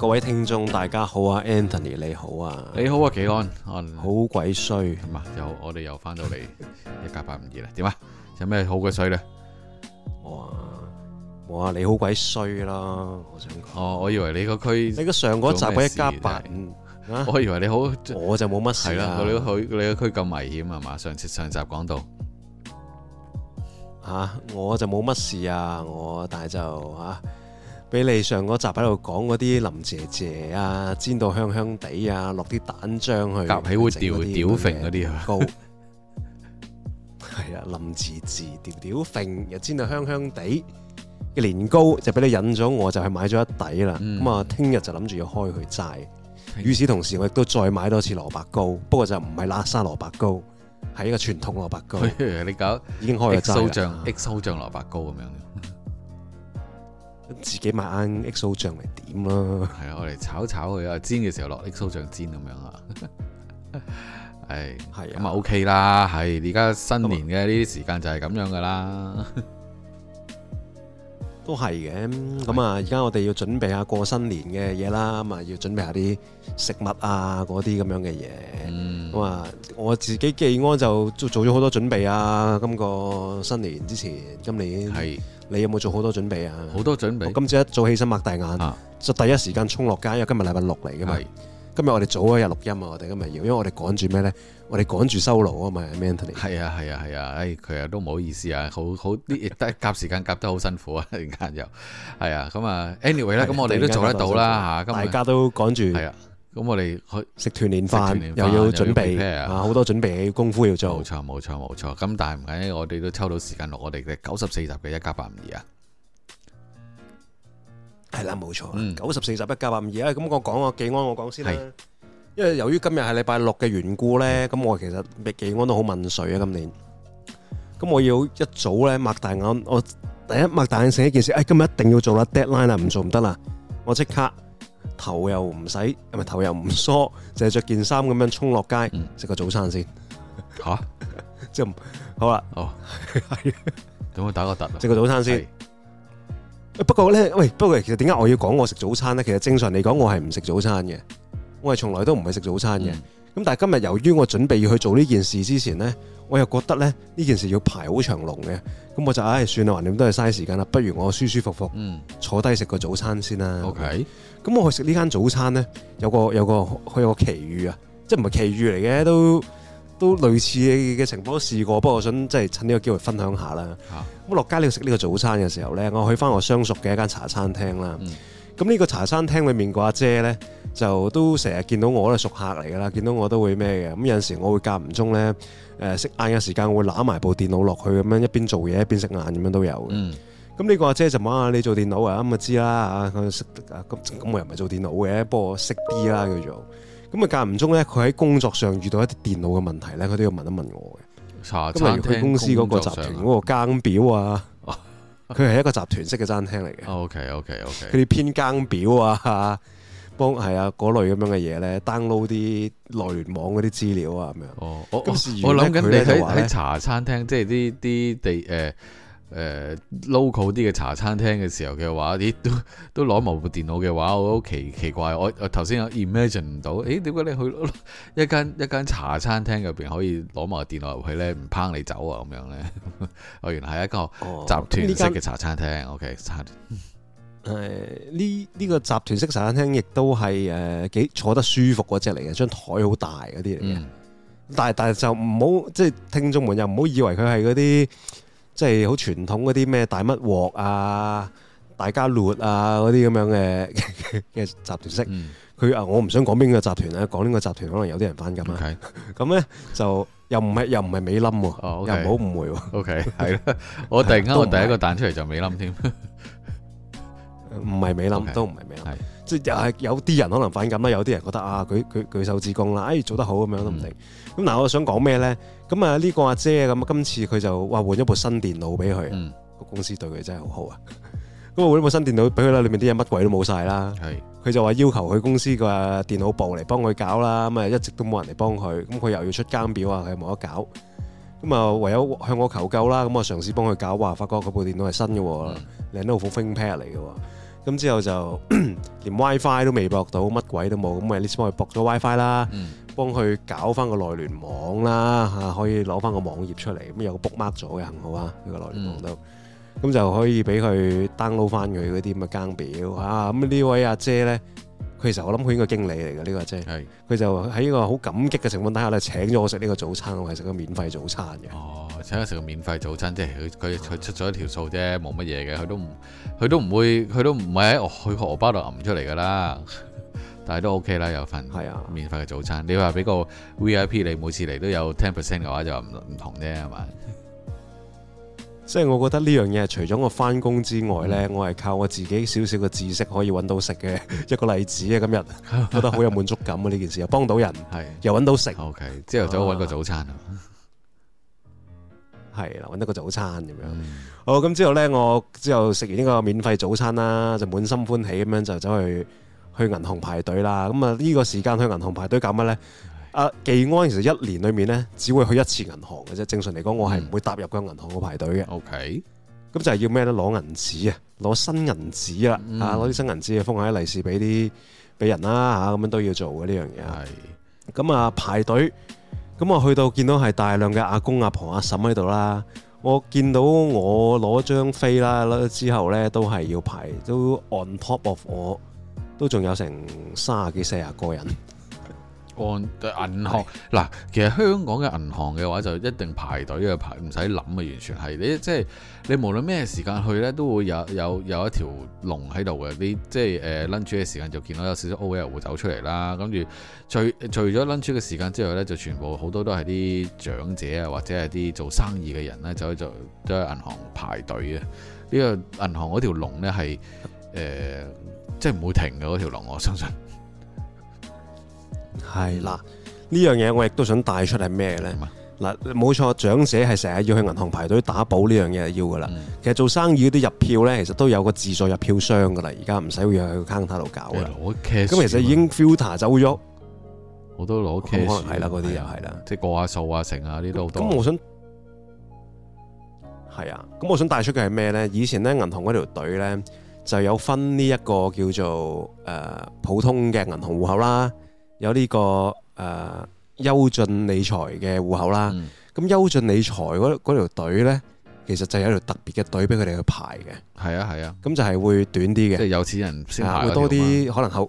各位聽眾，大家好啊，Anthony 你好啊，你好啊，幾安、嗯嗯、好鬼衰，嘛，我又我哋又翻到嚟 一家852啦，點啊？有咩好鬼衰咧？我話，我話，你好鬼衰啦，我想講。哦，我以為你個區，你個上嗰集嘅一家852 我以為你好， 我就冇乜事啦。係啦，你個區，你個區咁危險啊，嘛？上次上集講到嚇、啊，我就冇乜事啊，我但係就嚇。俾你上嗰集喺度講嗰啲林姐姐啊，煎到香香地啊，落啲蛋漿去夾起會掉掉揈嗰啲糕，係 啊，林字字掉掉揈又煎到香香地嘅年糕就俾你引咗，我就係買咗一底啦。咁啊、嗯，聽日就諗住要開佢齋。與此同時，我亦都再買多次蘿蔔糕，不過就唔係叻沙蘿蔔糕，係一個傳統蘿蔔糕。 你搞已經開咗齋。XO 醬 XO 醬蘿蔔糕咁樣。自己買啱 XO 醬嚟點咯，啊，係啊，我哋炒炒佢， 哎、啊，煎嘅時候落 XO 醬煎咁樣啊，係，係咁啊 OK 啦，係而家新年嘅呢啲時間就係咁樣噶啦， 都係嘅，咁啊而家我哋要準備下過新年嘅嘢啦，咁啊要準備下啲食物啊嗰啲咁樣嘅嘢，咁、嗯、啊我自己既安就做做咗好多準備啊，今個新年之前今年係。你有冇做好多準備啊？好多準備，今朝一早起身擘大眼，啊、就第一時間衝落街，因為今日禮拜六嚟嘅嘛。的今日我哋早一日錄音啊，我哋今日要，因為我哋趕住咩咧？我哋趕住收爐啊嘛。Anthony 係啊係啊係啊，哎，其實都唔好意思啊，好好啲夾時間夾得好辛苦啊，突然間又係啊，咁啊，anyway 咧，咁我哋都做得到啦嚇，大家都趕住係啊。咁我哋去食團年飯，又要準備啊，好多準備嘅功夫要做。冇錯，冇錯，冇錯。咁但係唔緊要，我哋都抽到時間落我哋嘅九十四集嘅一家八五二啊。係啦，冇錯。九十四集一家八五二啊。咁我講個技安，我講先啦。因為由於今日係禮拜六嘅緣故咧，咁我其實技安都好問水啊。今年，咁我要一早咧擘大眼，我第一擘大眼成一件事，哎，今日一定要做啦，deadline 啊，唔做唔得啦，我即刻。頭又唔使，唔係頭又唔梳，淨係着件衫咁樣衝落街，食個早餐先吓。即係好啦，哦，等我打個突，食個早餐先。不過咧，喂，不過，不過其實點解我要講我食早餐咧？其實正常嚟講，我係唔食早餐嘅，我係從來都唔係食早餐嘅。咁但係今日由於我準備要去做呢件事之前咧，我又覺得咧呢件事要排好長龍嘅，咁我就唉、哎、算啦，橫掂都係嘥時間啦，不如我舒舒服服，坐低食個早餐先啦。嗯 okay? 咁我去食呢間早餐咧，有個有個佢有個奇遇啊，即係唔係奇遇嚟嘅，都都類似嘅情況都試過，不過我想即係趁呢個機會分享下啦。咁落、啊、街咧食呢個早餐嘅時候咧，我去返我相熟嘅一間茶餐廳啦。咁呢、嗯、個茶餐廳裏面個阿姐咧，就都成日見到我係熟客嚟㗎啦，見到我都會咩嘅。咁有陣時我會間唔中咧，誒食晏嘅時間我會攬埋部電腦落去咁樣一邊做嘢一邊食晏咁樣都有。嗯咁呢個阿姐就問下你做電腦啊，咁就知啦吓，識啊，咁咁我又唔係做電腦嘅，不過我識啲啦叫做。咁啊間唔中咧，佢喺工作上遇到一啲電腦嘅問題咧，佢都要問一問我嘅。茶餐廳佢公司嗰個集團嗰個更表啊，佢係一個集團式嘅餐廳嚟嘅。OK OK OK，佢哋編更表啊，幫係啊嗰類咁樣嘅嘢咧，download 啲內聯網嗰啲資料啊咁樣。哦哦、我我我諗緊你喺喺茶餐廳，即係啲啲地誒。誒、uh, local 啲嘅茶餐廳嘅時候嘅話，啲都都攞埋部電腦嘅話，我好奇奇怪，我我頭先有 imagine 唔到，誒點解你去一間一間茶餐廳入邊可以攞埋電腦入去咧，唔抨你走啊咁樣咧？哦， 原來係一個集團式嘅茶餐廳。哦、O.K. 茶誒呢呢個集團式茶餐廳亦都係誒幾坐得舒服嗰隻嚟嘅，張枱好大嗰啲嚟嘅。但係但係就唔好即係聽眾們又唔好以為佢係嗰啲。即係好傳統嗰啲咩大乜鑊啊，大家攣啊嗰啲咁樣嘅嘅集團式，佢啊我唔想講邊個集團啊，講呢個集團可能有啲人反感啊。咁咧就又唔係又唔係美冧喎，又唔好誤會喎。OK 係啦，我突然間我第一個彈出嚟就美冧添，唔係美冧都唔係美冧，即係又係有啲人可能反感啦，有啲人覺得啊舉舉舉手之功啦，哎做得好咁樣都唔定。咁嗱，我想講咩咧？咁啊呢個阿姐咁啊，今次佢就話換咗部新電腦俾佢，個公司對佢真係好好啊。咁啊換咗部新電腦俾佢啦，裏面啲嘢乜鬼都冇晒啦。係佢就話要求佢公司個電腦部嚟幫佢搞啦，咁啊一直都冇人嚟幫佢，咁佢又要出監表啊，佢又冇得搞。咁啊唯有向我求救啦，咁我嘗試幫佢搞，話發覺嗰部電腦係新嘅，靚得好服，ThinkPad 嚟嘅。咁之後就連 WiFi 都未駁到，乜鬼都冇，咁我先幫佢駁咗 WiFi 啦。幫佢搞翻個內聯網啦嚇，可以攞翻個網頁出嚟，咁有個 bookmark 咗嘅，好啊，呢個內聯網都，咁、嗯、就可以俾佢 download 翻佢嗰啲咁嘅更表嚇。咁、嗯、呢位阿姐咧，佢其實我諗佢應該經理嚟嘅呢個阿姐，佢是就喺呢個好感激嘅情況底下咧，請咗我食呢個早餐，我係食咗免費早餐嘅。哦，請佢食個免費早餐，哦、費早餐即係佢佢佢出咗一條數啫，冇乜嘢嘅，佢都唔佢都唔會佢都唔係喺佢個荷包度揜出嚟噶啦。 但都 OK 啦，有份係啊，免費嘅早餐。啊、你話俾個 VIP，你每次嚟都有 ten percent 嘅話就，就唔唔同啫。係嘛？所以我覺得呢樣嘢係除咗我翻工之外呢，嗯、我係靠我自己少少嘅知識可以揾到食嘅一個例子啊！ 今日覺得好有滿足感啊！呢 件事又幫到人，係是又揾到食。OK，朝頭早揾個早餐啊，係啦，揾得個早餐咁樣。嗯、好咁之後呢，我之後食完呢個免費早餐啦，就滿心歡喜咁樣就走去。去銀行排隊啦，咁啊呢個時間去銀行排隊搞乜呢？阿的、啊、技安其實一年裏面呢，只會去一次銀行嘅啫。正常嚟講，我係唔會踏入個銀行個排隊嘅。OK，咁、嗯、就係要咩呢？攞銀紙、嗯、啊，攞新銀紙啊，攞啲新銀紙嘅封喺利是俾啲俾人啦，嚇咁樣都要做嘅呢樣嘢。係的，咁啊排隊，咁啊去到見到係大量嘅阿公、阿婆、阿嬸喺度啦。我見到我攞張飛啦之後呢，都係要排，都 on top of 我。都仲有成卅幾四十個人、嗯，按銀行嗱，是其實香港嘅銀行嘅話就一定排隊嘅排，唔使諗嘅完全係你即係、就是、你無論咩時間去咧，都會有有有一條龍喺度嘅。你即係誒 lunch 嘅時間就見到有少少 OL 會走出嚟啦，跟住除除咗 lunch 嘅時間之外咧，就全部好多都係啲長者啊，或者係啲做生意嘅人咧，走去做都喺銀行排隊嘅。呢、這個銀行嗰條龍咧係誒。呃即係唔會停嘅，嗰條龍，我相信係啦。呢樣嘢我亦都想帶出係咩咧？嗱，冇錯，長者係成日要去銀行排隊打保呢樣嘢，係要噶啦。其實做生意嗰啲入票咧，其實都有個自助入票箱噶啦。而家唔使要去個卡攤度搞啦。咁其實已經 filter 走咗，我都攞 cash，可能係啦，嗰啲又係啦，即係過下數啊、成啊呢都好多。咁我想係啊，咁我想帶出嘅係咩咧？以前咧銀行嗰條隊咧，就有分呢一個叫做誒普通嘅銀行戶口啦，有呢個誒優進理財嘅戶口啦。咁優進理財嗰嗰條隊呢，其實就係一條特別嘅隊俾佢哋去排嘅。係啊，係啊，咁就係會短啲嘅，即係有錢人先排，會多啲可能好。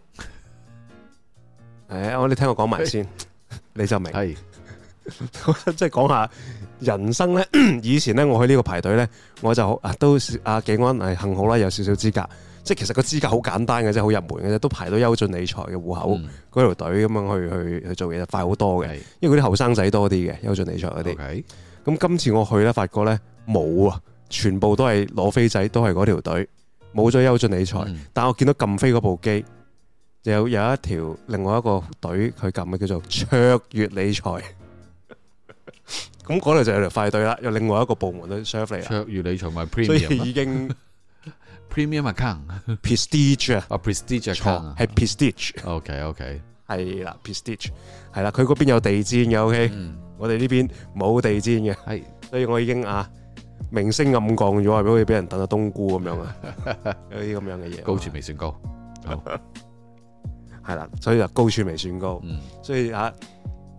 誒，我你聽我講埋先，你就明。即係講下人生呢。以前呢，我去呢個排隊呢，我就都阿景安幸好啦，有少少資格。即係其實個資格好簡單嘅啫，好入門嘅啫，都排到優進理財嘅戶口嗰條隊咁樣去去去，去做嘢，就快好多嘅。因為嗰啲後生仔多啲嘅，優進理財嗰啲。咁今、嗯、次我去呢，發覺呢，冇啊，全部都係攞飛仔，都係嗰條隊，冇咗優進理財。嗯、但我見到撳飛嗰部機，有有一條另外一個隊，佢撳嘅叫做卓越理財。咁嗰度就有條快隊啦，有另外一個部門去 serve 你啦。卓越理財 premium，所以已經 premium account，prestige 啊，啊 prestige account 係 prestige。OK，OK，係啦，prestige 係啦，佢嗰邊有地氈嘅，OK，、嗯、我哋呢邊冇地氈嘅，係，所以我已經啊明星暗降咗，好似俾人等到冬菇咁樣啊， 有啲咁樣嘅嘢。高處未算高，係、oh. 啦， 所以就高處未算高，嗯、所以啊。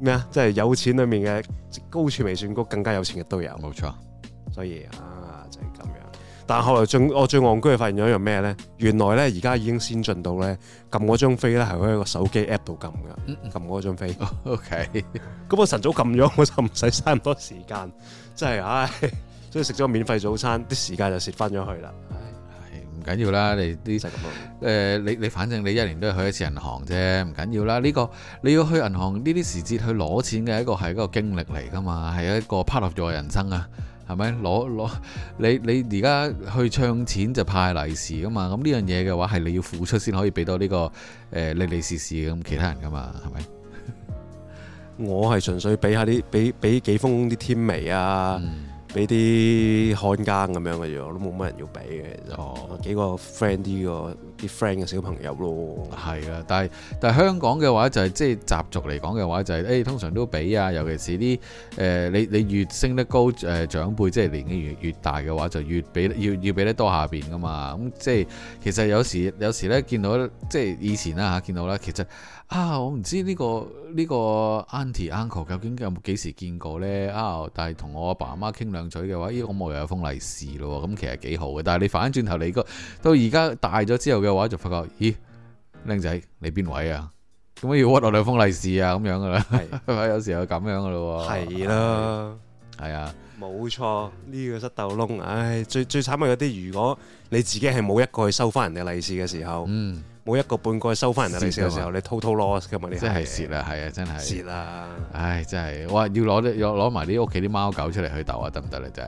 咩啊？即係有錢裏面嘅高處未算高，更加有錢嘅都有。冇錯，所以啊，就係、是、咁樣。但後來最我最戇居係發現咗一樣咩咧？原來咧而家已經先進到咧，撳嗰張飛咧係喺個手機 app 度撳㗎。撳嗰、嗯嗯、張飛。OK。咁 我晨早撳咗，我就唔使嘥咁多時間。 真係，唉、哎，所以食咗個免費早餐，啲時間就蝕翻咗去啦。哎唔緊要啦，你啲誒、呃、你你反正你一年都係去一次銀行啫，唔緊要啦。呢、呢個你要去銀行呢啲時節去攞錢嘅一個係一個經歷嚟噶嘛，係一個 part of 人生啊，係咪攞攞你你而家去唱錢就派利是噶嘛？咁呢樣嘢嘅話係你要付出先可以俾到呢個誒、呃、利利是是咁其他人噶嘛，係咪？我係純粹俾下啲俾俾幾封啲添微啊。嗯俾啲看家咁樣嘅樣，都冇乜人要俾嘅，就幾個 friend 啲個啲 friend 嘅小朋友咯。係啊，但係但係香港嘅話就係即係習俗嚟講嘅話就係、是、誒、哎、通常都俾啊，尤其是啲誒、呃、你你越升得高誒、呃、長輩即係、就是、年紀越越大嘅話就越俾要要俾得多下邊㗎嘛。咁即係其實有時有時咧見到即係以前啦吓，見到啦、啊，其實。啊！我唔知呢個呢個 auntie uncle 究竟有冇幾時見過呢？啊！但係同我阿爸媽傾兩嘴嘅話，咦，我冇又有封利是咯。咁其實幾好嘅。但係你反轉頭你個到而家大咗之後嘅話，就發覺咦，僆仔你邊位啊？點解要屈落兩封利是啊？咁樣噶啦，的 有時候咁樣噶咯。係咯的，係啊的，冇錯，呢個失竇窿，唉，最最慘係有啲如果你自己係冇一個去收翻人哋利是嘅時候。嗯冇一個半個收翻人哋利是嘅時候，你偷偷 total loss 噶嘛？呢真係蝕啦，係啊，真係蝕啦。了唉，真係我話要攞攞埋啲屋企啲貓狗出嚟去鬥啊，得唔得咧？真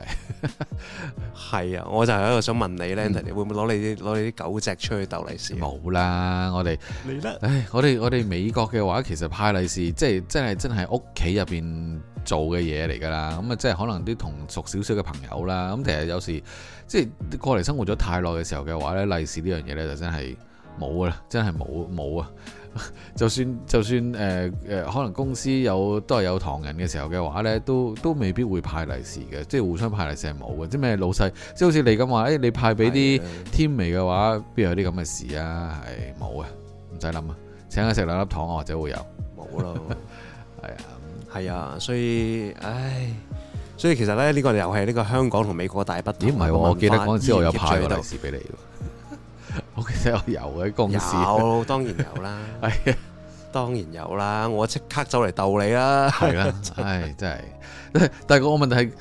係係 啊，我就喺度想問你咧，嗯、Antony，會唔會攞你啲攞你啲狗隻出去鬥利是冇啦？我哋你咧，了唉，我哋我哋美國嘅話，其實派利是即係真係真係屋企入邊做嘅嘢嚟噶啦。咁啊，即係可能啲同熟少少嘅朋友啦。咁其實有時即係過嚟生活咗太耐嘅時候嘅話咧，利是呢樣嘢咧就真係。嗯真冇啊，真係冇冇啊！就算就算誒誒，可能公司有都係有唐人嘅時候嘅話呢，都都未必會派利是嘅，即係互相派利是係冇嘅。即咩老細，即係好似你咁、哎、話，誒你派俾啲天眉嘅話，邊有啲咁嘅事啊？係冇啊，唔使諗啊！請佢食兩粒糖啊，或者會有冇咯？係啊，係、 哎、呀啊，所以唉，所以其實咧，呢、這個又係呢個香港同美國大不同。咦？唔係喎，我記得嗰時我有派過利是俾你我其實有有，嘅公司有，當然有啦，係 的當然有啦，我即刻走嚟斗你啦，係啦的，係、 哎、真係， 但係個問題係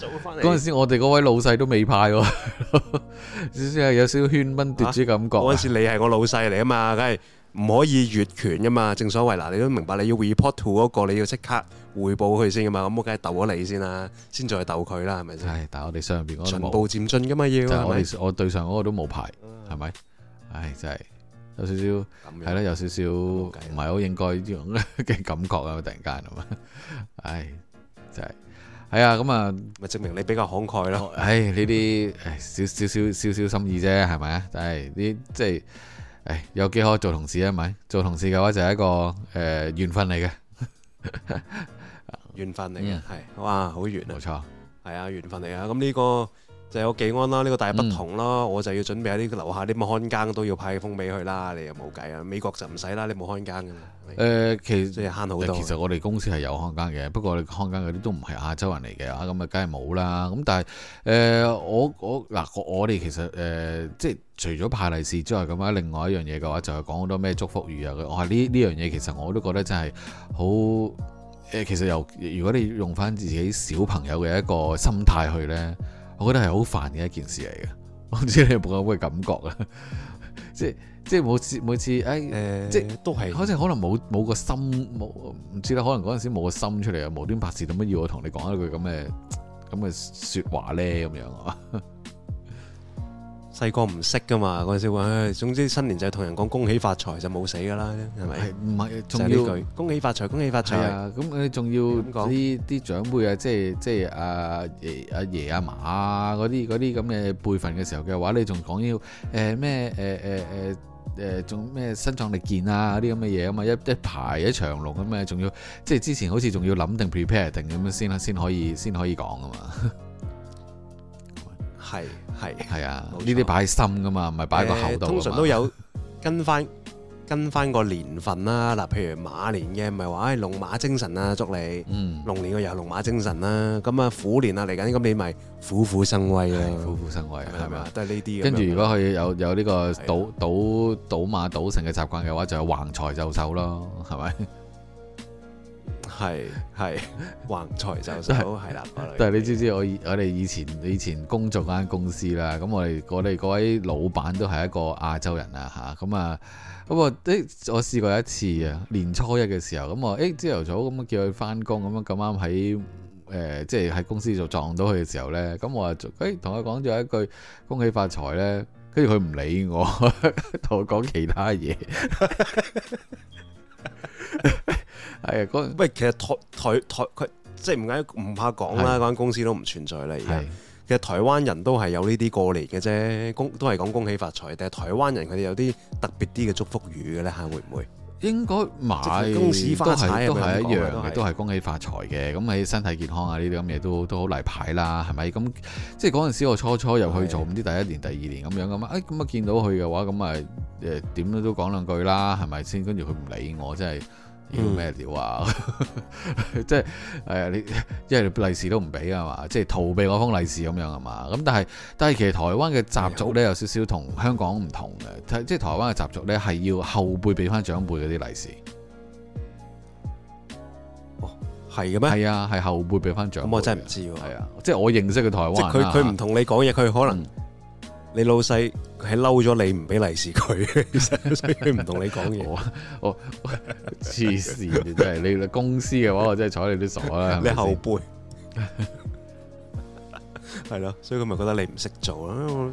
嗰陣時我哋嗰位老細都未派，只 有少少喧賓奪主感覺。嗰、啊、時你係我老細嚟啊嘛，梗係唔可以越權噶嘛，正所謂嗱，你都明白你要 report to 嗰、那個，你要即刻匯報佢先噶嘛，咁我梗係斗咗你先啦，先再斗佢啦，係咪先？但係我哋上邊嗰個進步漸進噶嘛，要，就是、我我對上嗰個都冇排，係咪？ 唉，真係有少少係啦，有少少唔係好應該呢種嘅感覺啊！突然間咁啊，唉，真係係啊，咁啊，咪證明你比較慷慨咯。唉，呢啲唉，少少少少少心意啫，係咪啊？唉、就係，啲即係唉，有幾可做同事啊？咪做同事嘅話就係一個誒緣、呃、分嚟嘅，緣 分嚟嘅係，哇，好緣，冇錯，係啊，緣錯分嚟啊！咁呢、呢個。就有幾安啦，呢、這個大不同啦。嗯、我就要準備喺呢個樓下，你咪看更都要派封俾佢啦。你又冇計啊，美國就唔使啦，你冇看更嘅。誒、呃，其實即係慳好多、呃。其實我哋公司係有看更嘅，不過你看更嗰啲都唔係亞洲人嚟嘅啊。咁啊，梗係冇啦。咁但係誒、呃，我嗱我哋、呃呃呃、其實誒、呃，即係除咗派利是之外咁啊，另外一樣嘢嘅話就係講好多咩祝福語啊。我話呢呢樣嘢其實我都覺得真係好誒。其實又，如果你用翻自己小朋友嘅一個心態去咧。我覺得係好煩嘅一件事嚟嘅，我唔知你有冇咁嘅感覺啊？ 即係即係每次每次，誒，哎欸、即係都係是，好似可能冇冇個心，冇唔知啦。可能嗰陣時冇個心出嚟啊，無端白事，做乜要我同你講一句咁嘅咁嘅說話咧？咁樣啊？ 細個唔識噶嘛嗰陣時、哎，總之新年就係同人講恭喜發財就冇死噶啦，係咪？唔係？仲要恭喜發財，恭喜發財啊！咁你仲要講啲啲長輩啊，即係即係阿阿爺阿嫲啊嗰啲啲咁嘅輩份嘅時候嘅話，你仲講要誒咩誒誒誒誒仲咩身壯力健啊啲咁嘅嘢啊嘛，一一排一長龍咁啊，仲要即係之前好似仲要諗定 prepare 定咁樣先啦先可以先可以講啊嘛。係係係啊！呢啲擺喺心噶嘛，唔係擺喺個口度。通常都有跟翻 跟翻個年份啦。嗱，譬如馬年嘅唔係話唉龍馬精神啊，祝你。嗯。龍年嘅又係龍馬精神啦、啊。咁啊虎年啊嚟緊，咁你咪虎虎生威啦。虎虎生威啊，係咪啊？虎虎吧都係呢啲。跟住如果佢有有呢個賭、嗯、賭賭馬賭成嘅習慣嘅話，就有橫財就手咯，係咪？係係，橫財就手係啦， 但係你知唔知我我哋以前以前工作嗰間公司啦，咁我哋我哋嗰位老闆都係一個亞洲人啊吓，咁啊咁啊，誒我試過一次啊，年初一嘅時候，咁我誒朝頭早咁叫佢翻工，咁啊咁啱喺誒即係喺公司就撞到佢嘅時候咧，咁我啊誒同佢講咗一句恭喜發財咧，跟住佢唔理我，同 我講其他嘢。 係喂，其實台台台佢即係唔唔怕講啦，嗰的間公司都唔存在啦。而家的其實台灣人都係有呢啲過年嘅啫，恭都係講恭喜發財。但係台灣人佢哋有啲特別啲嘅祝福語嘅咧嚇，會唔會？應該唔係，公司發財都係是一樣嘅，都係恭喜發財嘅。咁喺是身體健康啊呢啲咁嘢都都好例牌啦，係咪？咁即係嗰陣時我初初入去做，唔知的第一年、第二年咁樣咁啊，咁、哎、啊見到佢嘅話，咁啊誒點都講兩句啦，係咪先？跟住佢唔理我，真係。啊 哎、少少要咩料啊？即係，係你因為利是都唔俾啊嘛，即係逃避嗰封利是咁樣啊嘛。咁但係，但係其實台灣嘅習俗咧有少少同香港唔同嘅，即係台灣嘅習俗咧係要後輩俾翻長輩嗰啲利是。哦，係嘅咩？係啊，係後輩俾翻長輩。咁我真係唔知喎。係啊，即係我認識嘅台灣。即係佢佢唔同你講嘢，佢可能。嗯你老細係嬲咗你唔俾利是佢，所以佢唔同你講嘢。我黐線，真係你公司嘅話我真係睬你都傻啦。你後輩係咯，所以佢咪覺得你唔識做咯。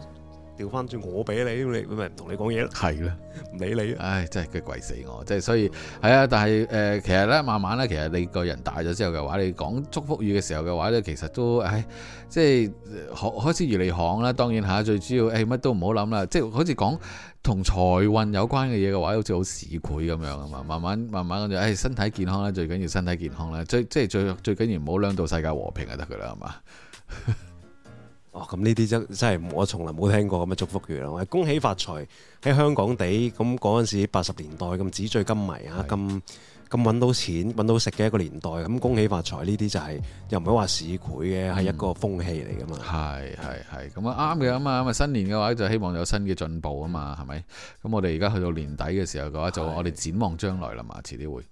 調翻轉我俾你，你咪唔同你講嘢咯。係啦的，唔 理你。唉，真係佢鬼死我。即係所以係啊，但係誒、呃，其實咧，慢慢咧，其實你個人大咗之後嘅話，你講祝福語嘅時候嘅話咧，其實都唉，即係學開始如嚟行啦。當然吓、啊，最主要誒，乜都唔好諗啦。即係好似講同財運有關嘅嘢嘅話，好似好市儈咁樣啊嘛。慢慢慢慢咁就，誒，身體健康咧，最緊要身體健康咧。最即係最最緊要唔好諗到世界和平就得噶啦，係嘛。哦，咁呢啲真真係我從來冇聽過咁嘅祝福語啦。恭喜發財喺香港地咁嗰陣時八十年代咁紙醉金迷啊，咁咁揾到錢揾到食嘅一個年代，咁恭喜發財呢啲就係、是、又唔係話市儈嘅，係、嗯、一個風氣嚟噶嘛。係係係咁啊啱嘅啊嘛，咁啊新年嘅話就希望有新嘅進步啊嘛，係咪？咁我哋而家去到年底嘅時候嘅話，就我哋展望將來啦嘛，遲啲會。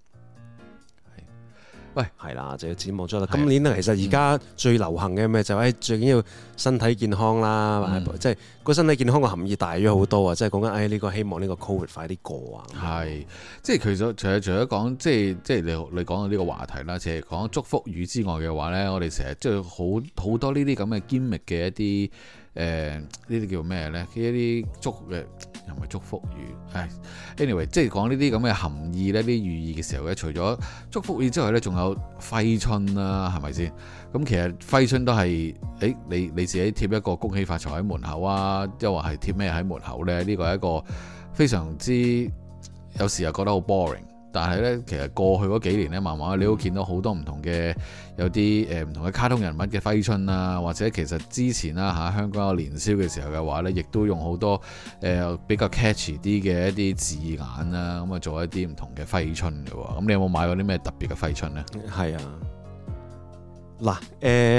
喂，係啦，就要展望咗啦。的今年咧，其實而家最流行嘅咩就誒、係，嗯、最緊要身體健康啦，嗯、即係個身體健康嘅含義大咗好多啊！嗯、即係講緊誒呢個希望呢個 COVID 快啲過啊。係，即係其實除咗除咗講即係即係你你講到呢個話題啦，成日講祝福語之外嘅話咧，我哋成日即係好好多呢啲咁嘅堅密嘅一啲誒、呃、呢啲叫咩咧？呢啲祝嘅。同埋祝福語？anyway, 即係講呢啲咁嘅含義呢啲寓意嘅時候咧，除咗祝福語之外咧，仲有揮春啦、啊，係咪先？咁其實揮春都係，誒、欸，你你自己貼一個恭喜發財喺門口啊，又或係貼咩喺門口呢？呢、呢個係一個非常之，有時又覺得好 boring。但係咧，其實過去嗰幾年咧，慢慢你都見到好多唔同嘅，有啲誒唔同嘅卡通人物嘅揮春啊，或者其實之前啦嚇香港嘅年宵嘅時候嘅話咧，亦都用好多誒比較 catch 啲嘅一啲字眼啦，咁啊做一啲唔同嘅揮春嘅喎。咁你有冇買過啲咩特別嘅揮春咧？係啊，嗱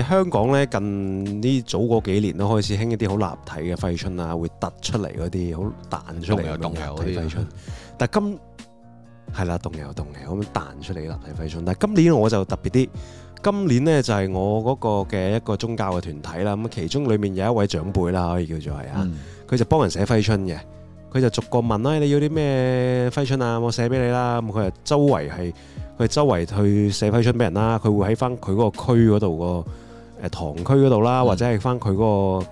誒，香港咧、呃啊啊啊呃、近呢早嗰幾年都開始興一啲好立體嘅揮春啊，會突出嚟嗰啲，好彈出嚟嗰啲立體揮春。但係今係啦，動嚟又動嚟，咁樣彈出嚟啲立體揮春。但係今年我就特別啲，今年呢就係我嗰個嘅一個宗教嘅團體啦。咁其中裡面有一位長輩啦，可以叫做係啊，佢就幫人寫揮春嘅。佢就逐個問啦、哎，你要啲咩揮春啊？我寫俾你啦。咁佢啊，周圍係佢周圍去寫揮春俾人啦。佢會喺翻佢嗰個區嗰度、個誒堂區嗰度啦，嗯、或者係翻佢嗰個。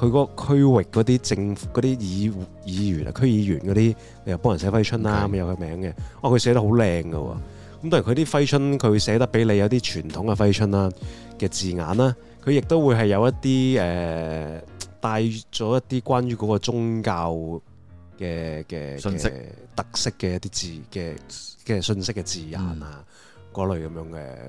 佢嗰個區域嗰啲政府嗰啲議議員啊，區議員嗰啲你又幫人寫揮春啦，咁 Okay. 有個名嘅。哦，佢寫得好靚㗎喎。咁、嗯、當然佢啲揮春佢會寫得畀你有啲傳統嘅揮春啦嘅字眼啦。佢亦都會係有一啲誒、呃、帶咗一啲關於嗰個宗教嘅嘅信息特色嘅一啲字嘅嘅信息嘅字眼啊嗰、嗯、類咁樣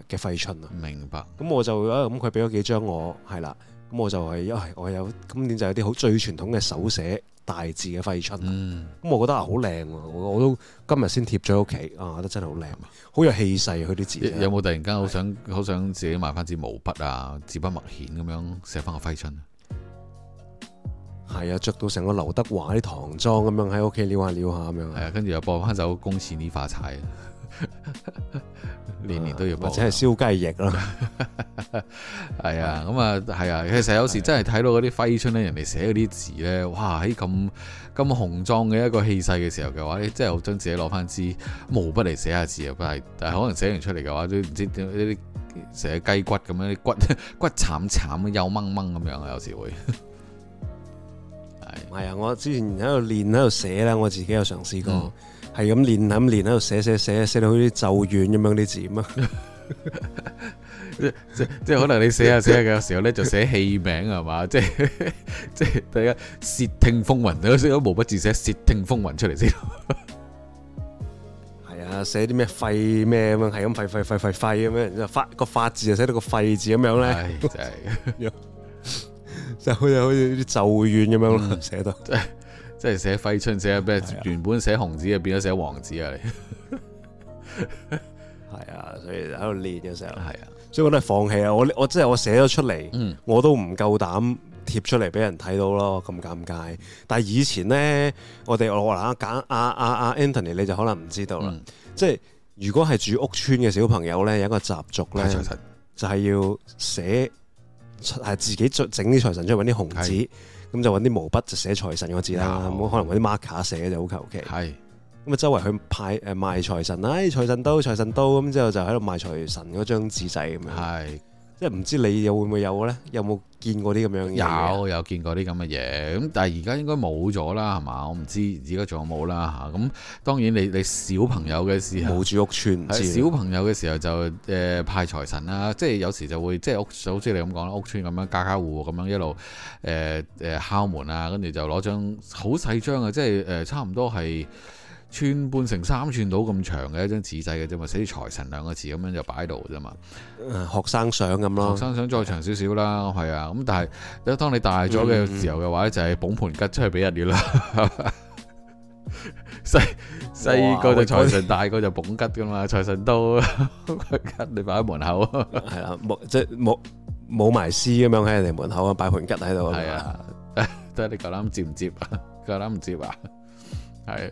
嘅嘅揮春啊。明白。咁我就啊，咁佢俾咗幾張我，係啦。咁我就係、是，因為我有今年就有啲好最傳統嘅手寫大字嘅揮春，咁、嗯嗯、我覺得啊好靚，我都今日先貼咗喺屋企，啊，覺得真係好靚，好有氣勢、啊，佢啲字。嗯、有冇突然間好想好、啊、想自己買翻支毛筆啊，紙筆墨硯咁樣寫翻個揮春？係啊，着到成個劉德華啲唐裝咁樣喺屋企撩下撩下咁樣，係啊，跟住又播翻首《恭喜你發財》。 年年都要，或者係燒雞翼咯，係 啊，咁 啊，係啊，其實有時真係睇到嗰啲揮春咧，人哋寫嗰啲字咧，哇喺咁咁雄壯嘅一個氣勢嘅時候嘅話咧，真係好想自己攞翻支毛筆嚟寫下字啊，但係但係可能寫完出嚟嘅話都唔知點呢啲寫雞骨咁樣，啲骨骨慘慘，又掹掹咁樣啊，有時會係，係啊，我之前喺度練喺度寫啦，我自己有嘗試過。嗯 係咁練，咁練喺度寫寫寫寫到好似咒怨咁樣啲字啊！即即即可能你寫下寫下嘅時候咧，就寫戲名係嘛？即即大家《竊聽風雲》，都寫都冇不自寫《竊聽風雲》出嚟先。係啊，寫啲咩廢咩咁樣，係咁廢廢廢廢廢咁樣，然之後發個發字就寫到個廢字咁樣咧，就好似好似啲咒怨咁樣咯，寫到。即係寫揮春，寫咩？啊、原本寫紅紙嘅，變咗寫黃紙啊！係 啊，所以喺度練嘅時候，係啊，所以我都係放棄啦。我我即係我寫咗出嚟，我，我、嗯、我都唔夠膽貼出嚟俾人睇到咯，咁尷尬。但係以前咧，我哋我話啦，揀阿阿阿 Anthony，你就可能唔知道啦。嗯、即係如果係住屋村嘅小朋友咧，有一個習俗咧，才才才就係要寫係自己做整啲財神，出嚟搵啲紅紙。的咁就揾啲毛筆就寫財神嗰字啦，No. 可能揾啲 marker 寫就好求其。係咁是周圍去派誒、呃、賣財神，哎財神到」、「財神到」，咁之後就喺度賣財神嗰張紙仔咁樣。係。即係唔知你又會唔會有咧？有冇見過啲咁樣嘢？有有見過啲咁嘅嘢，咁但係而家應該冇咗啦，係嘛？我唔知而家仲有冇啦嚇。咁、啊、當然你你小朋友嘅時候冇住屋邨，小朋友嘅時候就誒、呃、派財神啦，即係有時就會即係屋，好似你咁講啦，屋邨咁樣家家戶戶咁樣一路誒誒、呃呃、敲門啊，跟住就攞張好細張嘅，即係誒、呃、差唔多係。寸半成三寸到咁長嘅一張紙仔嘅啫嘛，寫啲財神兩個字咁樣就擺喺度啫嘛，學生相咁咯。學生相再長少少啦，係啊。咁但係當你大咗嘅時候嘅話就係捧盤吉出去俾人哋啦。細細個就財神，大個就捧吉噶嘛。財神都吉你擺喺門口，係啦、啊，即係冇冇埋絲咁樣喺人哋門口啊，擺盤吉喺度係啊。都係你夠膽接唔接啊？夠膽唔接啊？係。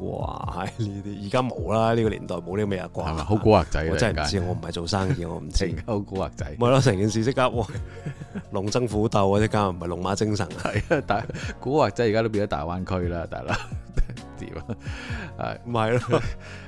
哇！呢啲，而家冇啦，呢、呢個年代冇呢個咩嘢掛啦，好古惑仔，我真係唔知，呢我唔係做生意，我唔知。好 古惑仔，咪咯成件事即刻， 龍爭虎鬥啊！即刻唔係龍馬精神，係但係古惑仔而家都變咗大灣區啦，大佬。 係唔係咯？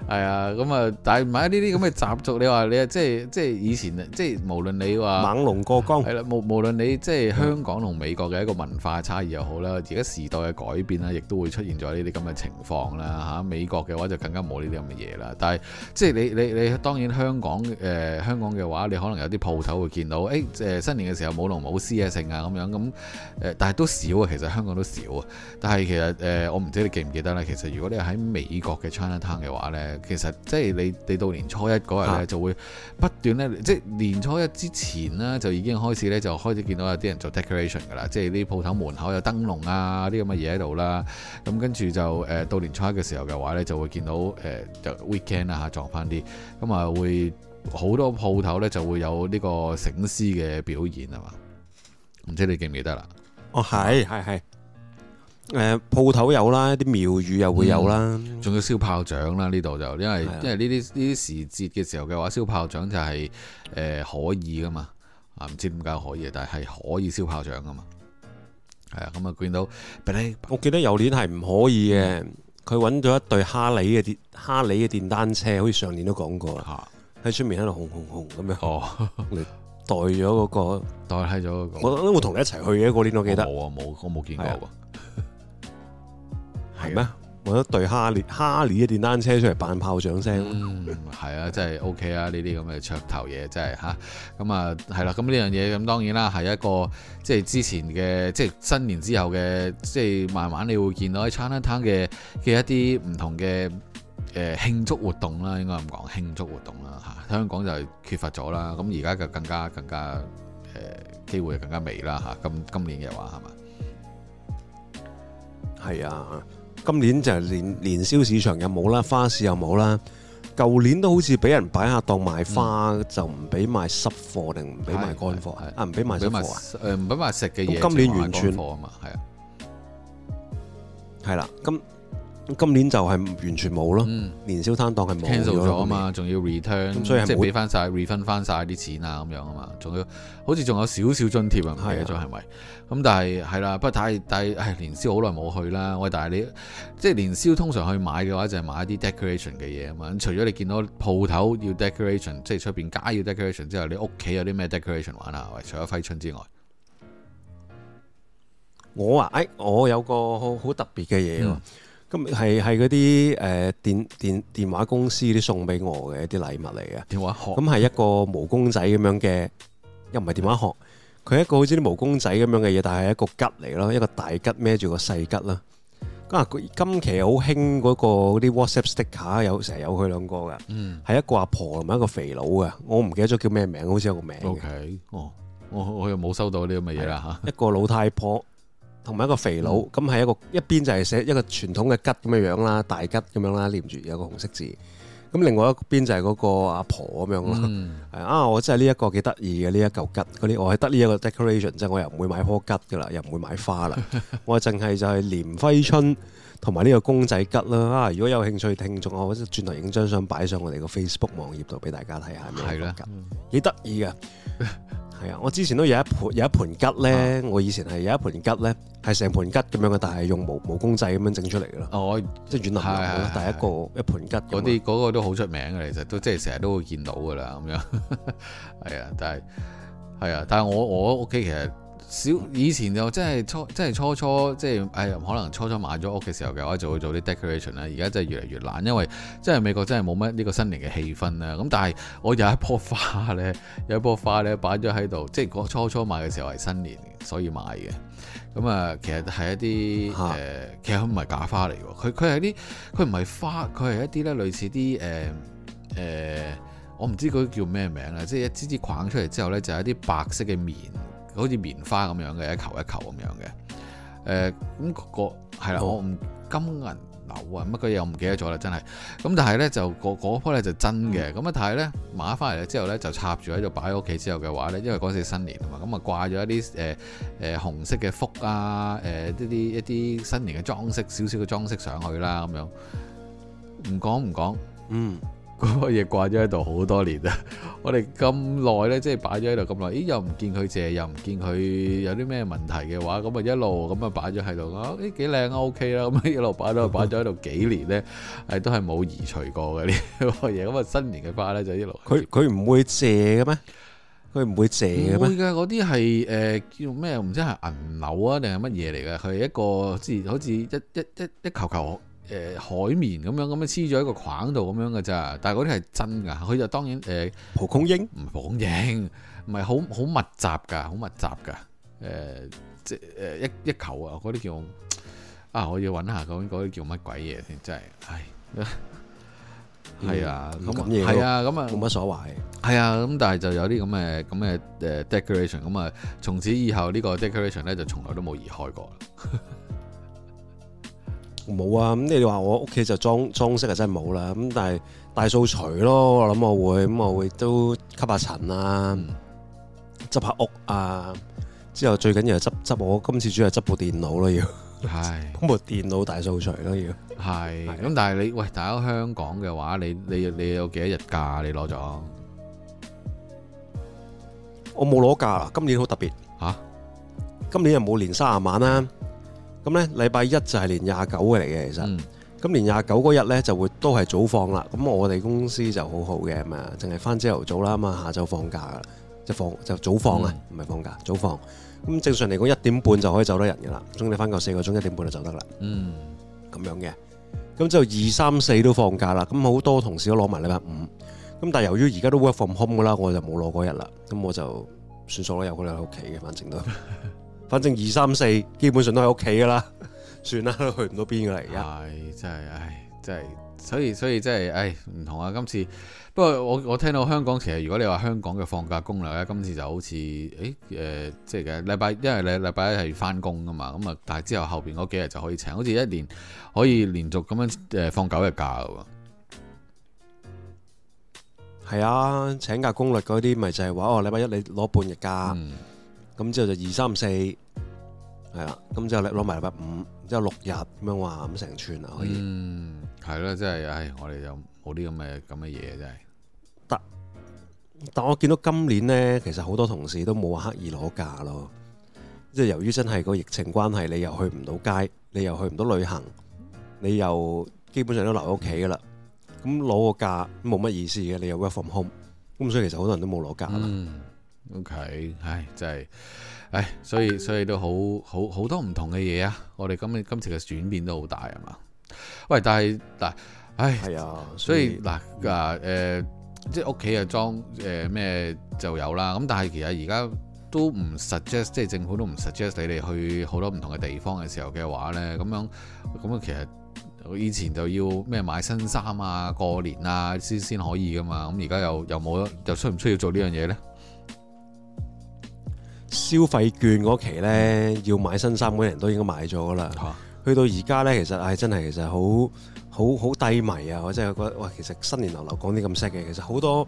係啊，咁啊，但係買呢啲咁嘅習俗，你話你即係即係以前，即係無論你話猛龍過江係啦，無無論你即係香港同美國嘅一個文化差異又好啦，而家時代嘅改變啦，亦都會出現咗呢啲咁嘅情況啦嚇。美國嘅話就更加冇呢啲咁嘅嘢啦。但係即係你你你當然香港誒、呃、香港嘅話，你可能有啲鋪頭會見到誒誒、欸、新年嘅時候舞龍舞獅嘅性啊咁樣咁誒，但係都少啊。其實香港都少啊。但係其實誒、呃，我唔知你記唔記得啦。其如果你係喺美國嘅 China Town 嘅話咧，其實即係你你到年初一嗰日咧就會不斷咧，啊、即係年初一之前啦，就已經開始咧就開始見到有啲人做 decoration 噶啦，即係啲鋪頭門口有燈籠啊啲咁嘅嘢喺度啦。咁跟住就誒、呃、到年初一嘅時候嘅話咧，就會見到誒、呃、就 weekend 啊，嚇，撞翻啲咁啊，會好多鋪頭咧就會有呢個醒獅嘅表演啊嘛。唔知你記唔記得啦？哦，係係係。誒，鋪頭有啦，啲廟宇又會有啦，仲要燒炮仗啦，呢度就因為因為呢啲呢啲時節嘅時候嘅話，燒炮仗就係誒可以噶嘛，啊唔知點解可以，但係係可以燒炮仗噶嘛。係啊，咁啊見到，我記得有年係唔可以嘅，佢揾咗一對哈里嘅電哈里嘅電單車，好似上年都講過，喺出面喺度紅紅紅咁樣，哦，代咗嗰個代咗，我都我同你一齊去嘅嗰年，都記得冇啊，冇我冇見過。係咩？搵一堆哈利哈利嘅電單車出嚟扮炮仗聲。嗯，係啊，真係 OK 啊！呢啲咁嘅噱頭嘢真係吓。咁啊，係啦，啊。咁呢、啊、樣嘢咁當然啦，係一個即係之前嘅，即係新年之後嘅，即係慢慢你會見到 time a t e r t 嘅嘅一啲唔同嘅誒慶祝活動啦。應該咁講，慶祝活動啦嚇，啊。香港就缺乏咗啦。咁而家就更加更加誒、呃、機會更加微啦嚇。咁、啊、今年嘅話係嘛？係啊。今年就連年宵市場又冇啦，花市又冇啦。舊年都好似俾人擺下檔賣花，就唔俾賣濕貨，定唔俾賣乾貨？啊，唔俾賣濕貨啊？誒，唔俾賣食嘅嘢。今年完全係啦，咁。今年就係完全冇咯，年宵攤檔係 cancel 咗啊嘛，仲要 return、嗯、所以係即係俾翻晒 refund 翻晒啲錢啊咁樣啊嘛，仲要好似仲有少少津貼啊唔記得咗係咪？咁是的、嗯、但係係啦，不過太係但係，唉，年宵好耐冇去啦。喂，但係你即係年宵通常去買嘅話，就係、是、買一啲 decoration 嘅嘢啊嘛。除咗你見到鋪頭要 decoration，即係出邊街要 decoration 之後，你屋企有啲咩 decoration 玩啊？除咗揮春之外，我啊，哎，我有個好，好特別嘅嘢喎。嗯咁係係嗰啲誒電電電話公司啲送俾我嘅一啲禮物嚟嘅電話殼，咁係一個毛公仔咁樣嘅，又唔係電話殼，佢、嗯、一個好似啲毛公仔咁樣嘅嘢，但係一個吉嚟咯，一個大吉孭住個細吉啦。咁啊，今期好興嗰個啲 WhatsApp sticker，有成日有佢兩個嘅，嗯，係一個阿婆同埋一個肥佬嘅，我唔記得咗叫咩名，好似有個名、Okay. 哦，我我又冇收到呢啲咁嘅嘢啦嚇，是 一個老太婆。同埋一個肥佬，咁係、嗯、一個一邊就係寫一個傳統嘅吉咁嘅樣啦，大吉咁樣啦，黏住有一個紅色字。咁另外一邊就係嗰個阿婆咁樣啦。嗯、 啊，我真係呢一個幾得意嘅呢一嚿吉嗰啲，我係得呢一個 decoration，即係我又唔會買棵吉噶啦，又唔會買花啦， 我淨係就係黏揮春同埋呢個公仔吉啦。啊，如果有興趣聽眾，我轉頭影張相擺上我哋個 Facebook 網頁度俾大家睇下，係啦，幾得意嘅。 係啊，我之前都有一盆有一盆吉咧，啊、我以前係有一盆吉咧，係成盆吉咁樣嘅，但係用毛毛公仔咁樣整出嚟嘅咯。哦，即係軟泥，係係第一個是是是一盆吉。嗰啲嗰個都好出名嘅，其實都即係成日都會見到噶啦，咁樣係 啊，但係係啊，但係我我屋企其實。少以前就真係初，真係初初，即係誒、哎、可能初初買咗屋嘅時候嘅話，就會做啲 decoration 啦。而家真係越嚟越懶，因為真係美國真係冇乜呢個新年嘅氣氛啦。咁但係我有一棵花咧，有一棵花咧擺咗喺度，即係個初初買嘅時候係新年，所以買嘅。咁啊，其實係一啲誒、呃，其實唔係假花嚟嘅，佢佢係啲佢唔係花，佢係一啲咧類似啲誒誒，我唔知嗰啲叫咩名啊，即係一支支捲出嚟之後咧，就係、是、一啲白色嘅棉。好似棉花咁樣嘅，一球一球咁樣嘅，誒、呃，咁、個係啦，我唔金銀柳啊，乜鬼嘢我唔記得咗啦，真係。咁但係咧就、個嗰棵咧就是、真嘅，咁啊、嗯、但係咧買翻嚟之後咧就插住喺度擺喺屋企之後嘅話咧，因為嗰時新年啊嘛，咁啊掛咗一啲誒誒紅色嘅福啊，誒、呃、一啲一啲新年嘅裝飾，少少嘅裝飾上去啦，咁樣唔講唔講，唔講唔講嗯。嗰個嘢掛咗喺度好多年啦，我哋咁耐咧，即係擺咗喺度咁耐，咦又唔見佢謝，又唔見佢有啲咩問題嘅話，咁啊一路咁啊擺咗喺度，啊啲幾靚啊 OK 啦，咁啊一路擺都係擺咗喺度幾年咧，係都係冇移除過嘅呢個嘢。咁啊新年嘅花咧就一路佢佢唔會謝嘅咩？佢唔會謝嘅咩？嗰啲係誒叫咩？唔知係銀柳啊定係乜嘢嚟嘅？佢係一個好似好似一一一一球球。誒、呃、海綿咁樣咁樣黐咗喺個框度咁樣嘅咋，但係嗰啲係真㗎，佢就當然誒蒲公英唔蒲公英，唔係好好密集㗎，好密集㗎，誒、呃、即係、呃、一一球啊嗰啲叫啊我要揾下嗰嗰啲叫乜鬼嘢先，真係唉係 啊，冇乜啊，咁啊冇乜所謂，係啊，咁但係就有啲咁嘅咁嘅誒 decoration，咁啊，從此以後呢個 decoration 咧就從來都冇移開過。 冇啊！咁你你話我屋企就裝裝飾啊，真係冇啦。咁但係大掃除咯，我諗我會咁我會都吸下塵啊，執下屋啊。之後最緊要係執執我今次主要係執部電腦咯，是 腦要係。部電腦大掃除咯，要係。 咁但係你喂，大家香港嘅話，你你你有幾多日假？你攞咗？我冇攞假啊！今年好特別吓，今年、啊、今年又冇年卅晚啦。咁咧，禮拜一就係年廿九嘅嚟嘅，其實、嗯，咁年廿九嗰日咧就會都係早放啦。咁、嗯、我哋公司就好好嘅，咁啊，淨係翻朝頭早啦嘛，下晝放假噶啦，即係放就早放啊，唔係、嗯、放假，早放。咁正常嚟講，一點半就可以走得人噶啦，總之你翻夠四個鐘，一點半就走得啦。嗯，咁樣嘅。咁之後二三四都放假啦，咁好多同事都攞埋禮拜五。咁但係由於而家都 work from home 噶啦，我就冇攞嗰日啦。咁我就算數啦，又可以喺屋企嘅，反正都。 反正二三四基本上都喺屋企噶啦，算啦，都去唔到邊噶啦。而家係真係，唉，真係、哎，所以所以真係，唉、哎，唔同啊。今次，不過我我聽到香港其實如果你話香港嘅放假攻略咧，今次就好似誒，誒、哎、呃，即係嘅禮拜，因為你禮拜一係翻工噶嘛，咁啊，但係之後後邊嗰幾日就可以請，好似一年可以連續咁樣誒放九日假喎。係啊，請假攻略嗰啲，咪就係話哦，禮拜一你攞半日假。嗯咁之後就二三四，係啦。咁之後咧攞埋禮拜五，之後六日咁樣話咁成串啊，可以。嗯，係咯，即係唉，我哋又冇啲咁嘅咁嘅嘢真係。得，但我見到今年咧，其實好多同事都冇刻意攞假咯。即係由於真係個疫情關係，你又去唔到街，你又去唔到旅行，你又基本上都留喺屋企噶啦。咁攞、嗯、個假冇乜意思嘅，你又 work from home。咁所以其實好多人都冇攞假。嗯。OK，唉，真係唉，所以所以都好好好多唔同嘅嘢啊。我哋今今次嘅轉變都好大，啊嘛？喂，但係嗱，唉，係啊唉，所以嗱啊誒，即係屋企啊裝誒咩就有啦。咁但係其實而家都唔 suggest，即係政府都唔 suggest 你哋去好多唔同嘅地方嘅時候嘅話咧，咁樣咁啊。樣其實以前就要咩買新衫啊，過年啊先先可以噶嘛。咁而家又又冇，又需唔需要做呢樣嘢咧？消費券嗰期呢，要買新衫嗰啲人都應該買咗噶啦。啊、去到而家呢，其實唉、哎，真係其實好好好低迷啊！我真係覺得，哇，其實新年流流講啲咁 s 嘅，其實好多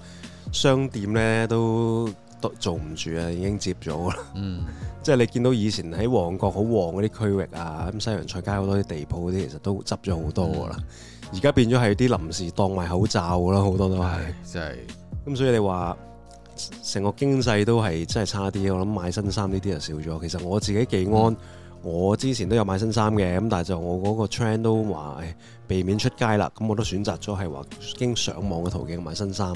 商店呢都都做唔住啊，已經接咗啦。嗯、 即係你見到以前喺旺角好旺嗰啲區域啊，咁西洋菜街好多啲地鋪嗰啲，其實都執咗好多噶啦。而家、嗯、變咗係啲臨時當賣口罩啦，好多都係。即係、嗯。咁、嗯、所以你話？成個經濟都係真係差啲，我諗買新衫呢啲又少咗。其實我自己寄安，嗯、我之前都有買新衫嘅，咁但係就我嗰個 trend 都話避免出街啦，咁我都選擇咗係話經上網嘅途徑買新衫